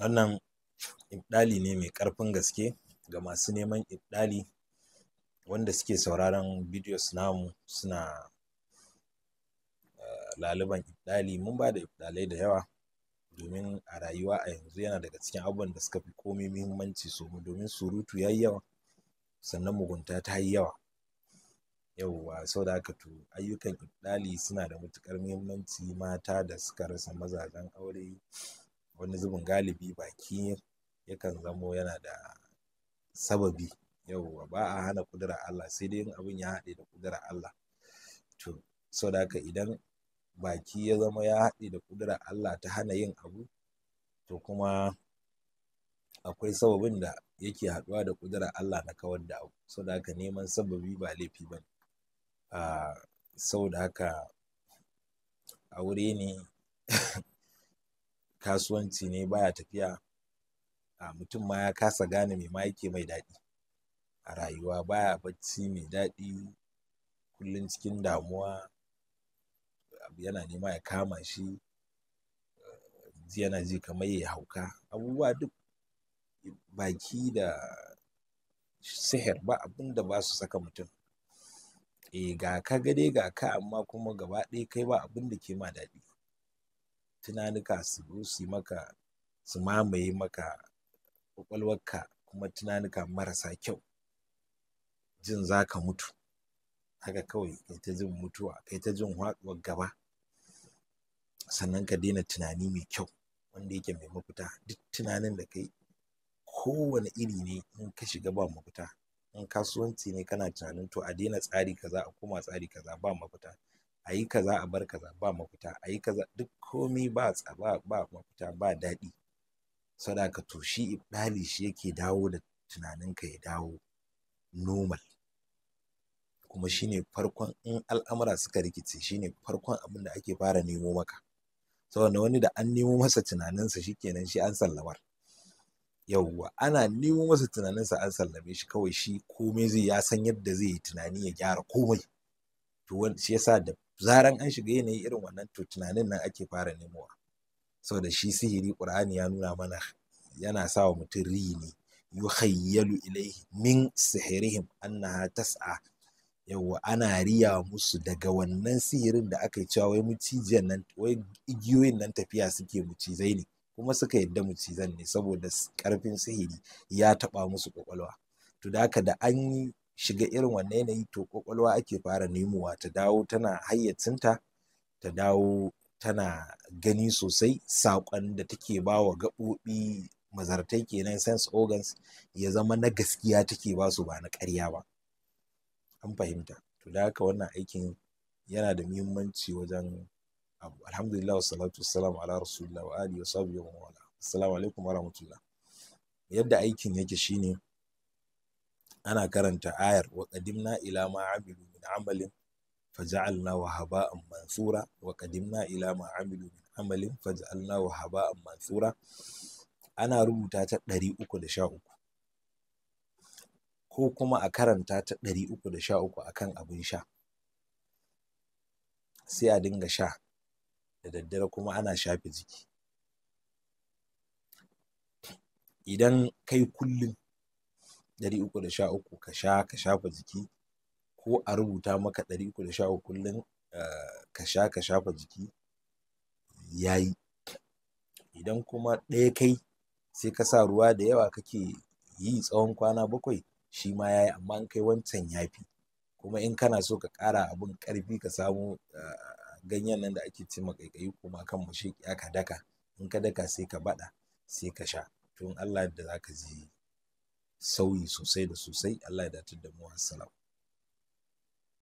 wannan ibdali ne mai ƙarfin gaske ga masu neman iɗali. wanda suke sauraron videos namu suna eh, laluban iɗali. mun ba da iɗalai da yawa domin a rayuwa a yanzu yana daga cikin abubuwan da suka fi komai muhimmanci so domin surutu ya yi yawa sannan mugunta ta yi yawa yauwa sau da haka to ayyukan ibdali suna da matuƙar muhimmanci mata da suka rasa mazajen aure wani zubin galibi baki yakan zamo yana da sababi yauwa ba a hana kudura Allah sai dai in abin ya haɗe da kudura Allah to so da haka idan baki ya zama ya haɗe da kudura Allah ta hana yin abu to kuma akwai sababin da yake haɗuwa da kudura Allah na kawar da abu so da haka neman sababi ba laifi ba ah, sau da haka aure ne kasuwanci ne baya tafiya a mutum ma ya kasa gane me ma yake mai daɗi a rayuwa baya bacci mai daɗi kullum cikin damuwa yana nema ya kama shi yana ji kamar ya hauka abubuwa duk baki da sihir ba abin da ba su saka mutum e ga ka gade ga ka amma kuma gaba ɗaya kai ba abin da ke ma daɗi tunanuka su su maka su mamaye maka kwakwalwarka kuma tunanuka marasa kyau jin za ka mutu haka kawai kai ta jin mutuwa kai ta jin watsuwar gaba sannan ka daina tunani mai kyau wanda yake mai mafita duk tunanin da kai kowane iri ne in ka shiga ba mafita in kasuwanci ne kana tunanin to a daina tsari kaza a koma tsari kaza ba mafita a yi kaza a bar kaza ba mafita a yi kaza duk komi ba tsaba ba mafita ba daɗi sadaka to shi ibdali shi yake dawo da tunanin ka ya dawo normal kuma shine farkon in al'amura suka rikice shine farkon abin da ake fara nemo maka saboda wani da an nemo masa tunaninsa shikenan shi an sallamar yauwa ana nemo masa tunaninsa an sallame shi kawai shi komai zai ya san yadda zai yi tunani ya gyara komai to shi yasa da zaran an shiga yanayi irin wannan to tunanin nan ake fara nemowa saboda shi sihiri qur'ani ya nuna mana yana sa wa mutum ri ne hayyalu ilaihi min sihirihim annaha tas'a yawa ana riya musu daga wannan sihirin da aka cewa wai nan wai igiyoyin nan tafiya suke mucizai ne kuma suka yadda mucizan ne saboda karfin sihiri ya taɓa musu kwakwalwa to da haka da an yi shiga irin wannan yanayi to kwakwalwa ake fara nemowa ta dawo tana hayyacinta ta dawo tana gani sosai saƙon da take ba wa gaɓoɓi mazartai kenan sense organs ya zama na gaskiya take ba su ba na ƙarya ba an fahimta to da haka wannan aikin yana da muhimmanci wajen alhamdulillah wa salatu ala rasulillah wa alihi wa sahbihi wa wala assalamu alaikum wa rahmatullah yadda aikin yake shine ana karanta ayar wa qadimna ila ma amilu min amalin wa haba'an mansura wa qadimna ila ma amilu min amalin wa haba'an mansura ana rubuta ta 313 ko kuma a karanta ta 313 akan abin sha sai a dinga sha da daddare kuma ana shafe jiki idan kai kullum ɗari uku da sha uku ka sha ka shafa jiki ko a rubuta maka ɗari uku da sha uku kullum eh, ka sha ka shafa jiki ya yi idan kuma ɗaya kai sai ka sa ruwa da yawa kake yi tsawon kwana bakwai shi ma ya yi amma in kai wancan ya fi kuma in kana so ka ƙara abin ƙarfi ka samu eh, ganyen nan da ake ce ma ƙaiƙayi kuma kan ya ka daka in ka daka sai ka baɗa sai ka sha to in Allah da za ka ji sauyi sosai da sosai Allah ya datar da mu assalamu